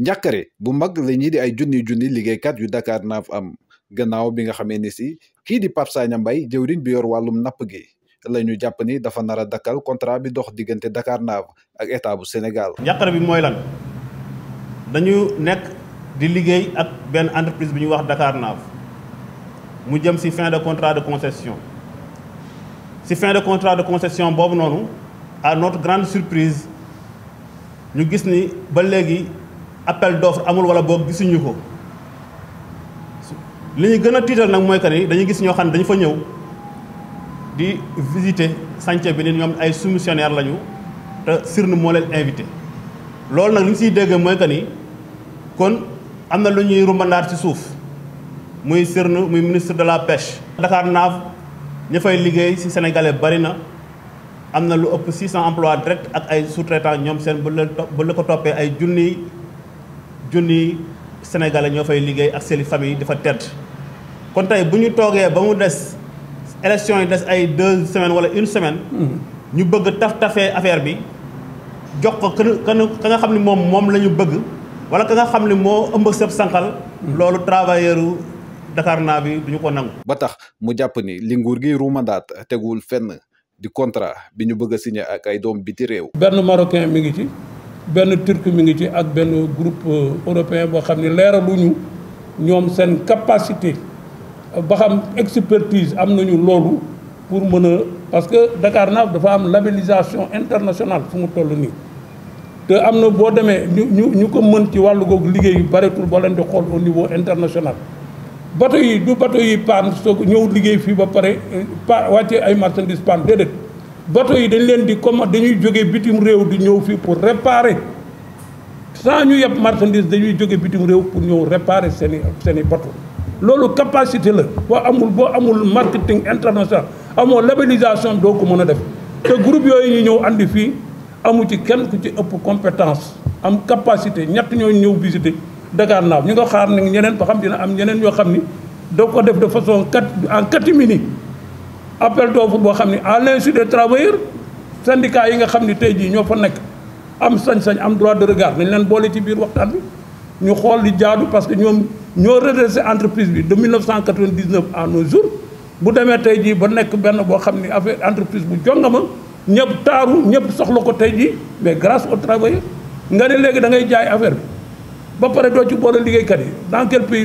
njàkkare bu mag la ñii di ay junni junni liggéeykat yu Dakar naaf am gannaaw bi nga xamee ni si kii di Pape Sagna jëwriñ bi yor wàllum napp gi la ñu jàpp ni dafa nara a dakkal contrat bi dox diggante Dakar naaf ak état bu Sénégal. njàkkare bi mooy lan dañu nekk di liggéey ak benn entreprise bi ñuy wax Dakar naaf mu jëm si fin de contrat de concession si fin de contrat de concession boobu noonu à notre grande surprise ñu gis ni ba léegi. appel d'offre amul wala boog gisuñu ko li ñu gën a tiital nag mooy que ni dañuy gis ñoo xam ne dañu fa ñëw di visiter chantier bi ni ñoom ay soumissionnaire lañu te sirne moo leen invité. loolu nag li ñu siy dégg mooy que ni kon am na lu ñuy rumbandaat ci suuf muy sirne muy ministre de la pêche. Dakar naaf ña fay liggéey ci sénégalais bari na. am na lu ëpp 600 emplois directs ak ay sous-traitants ñoom seen ba la ko toppee ay junni junni sénégalais ñoo fay liggéey ak seli famille dafa tedd kon tey bu ñu toogee ba mu des élection yi des ay deux semaines wala une semaine hmm. ñu bëgg taf tafee affaire bi jox ko kan ka nga xam ne moom moom la ñu bëgg wala ka nga xam ne moo ëmb sëb sànqal hmm. loolu travailleur Dakar naa bi ñu ko nangu ba tax mu jàpp ni linguur gi ruumandaat tegul fenn di contrat bi ñu bëgg a ak ay doom biti réew benn marocain mi ngi ci ben turc mi ngi ci ak benn groupe euh, européen bo xamni leraluñu ñom sen capacité euh, ba xam expertise am nañu loolu pour mën parce que dakar Dakarnave dafa am labellisation internationale fu mu toll ni te amna bo boo ñu ñu ñu ko mën ci walu gog liggéey yu bareetul boo leen di xol au niveau international bato yi du bato yi paan soo ko ñëw liggéey fii ba paré euh, pa ay marchandise paan déedéet bateau yi dañ leen di commande dañuy jóge bitim réew di ñëw fii pour réparer sans ñu yeb marchandise dañuy jóge bitim réew pour ñëw réparer seen i seen i bateau loolu capacité la boo amul boo amul marketing international amoo labellisation doo ko mën a def te groupe yooyu ñu ñëw andi fii amu ci kenn ku ci ëpp compétence am capacité ñett ñoo ñëw visiter Dakar naaw ñu nga xaar ne ñeneen ba xam dina am ñeneen ñoo xam ni doo ko def de façon 4 en 4 minutes appel d'offre boo xam ne à l'insu des travailleurs syndicats yi nga xam ne tey jii ñoo fa nekk am sañ-sañ am droit de regard nañ leen boole ci biir waxtaan bi ñu xool di jaadu parce que ñoom ñoo redressé entreprise bi de cent 1999 à nos jours bu demee tey jii ba nekk benn boo xam ne affaire entreprise bu jongama ñëpp taaru ñëpp soxla ko tey jii mais grâce aux travailleurs nga ne léegi da ngay jaay affaire bi ba pare doo ci boole liggéeykat yi dans quel pays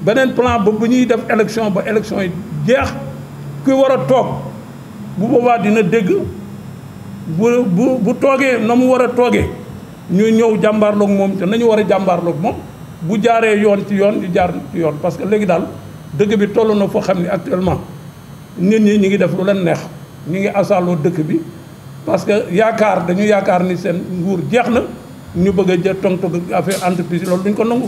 benen plan ba bu ñuy def élection ba élection yi jeex ku war a toog bu boobaa dina dégg bu bu bu toogee na mu war a toogee ñu ñëw jàmbaarloog moom te nañu war a jàmbaarloog moom bu jaaree yoon ci yoon ñu jaar ci yoon parce que léegi daal dëkk bi toll na foo xam ne actuellement nit ñi ñi ngi def lu leen neex ñi ngi asaaloo dëkk bi parce que yaakaar dañu yaakaar ni seen nguur jeex na ñu bëgg a jël tontu affaire entreprise loolu duñ ko nangu.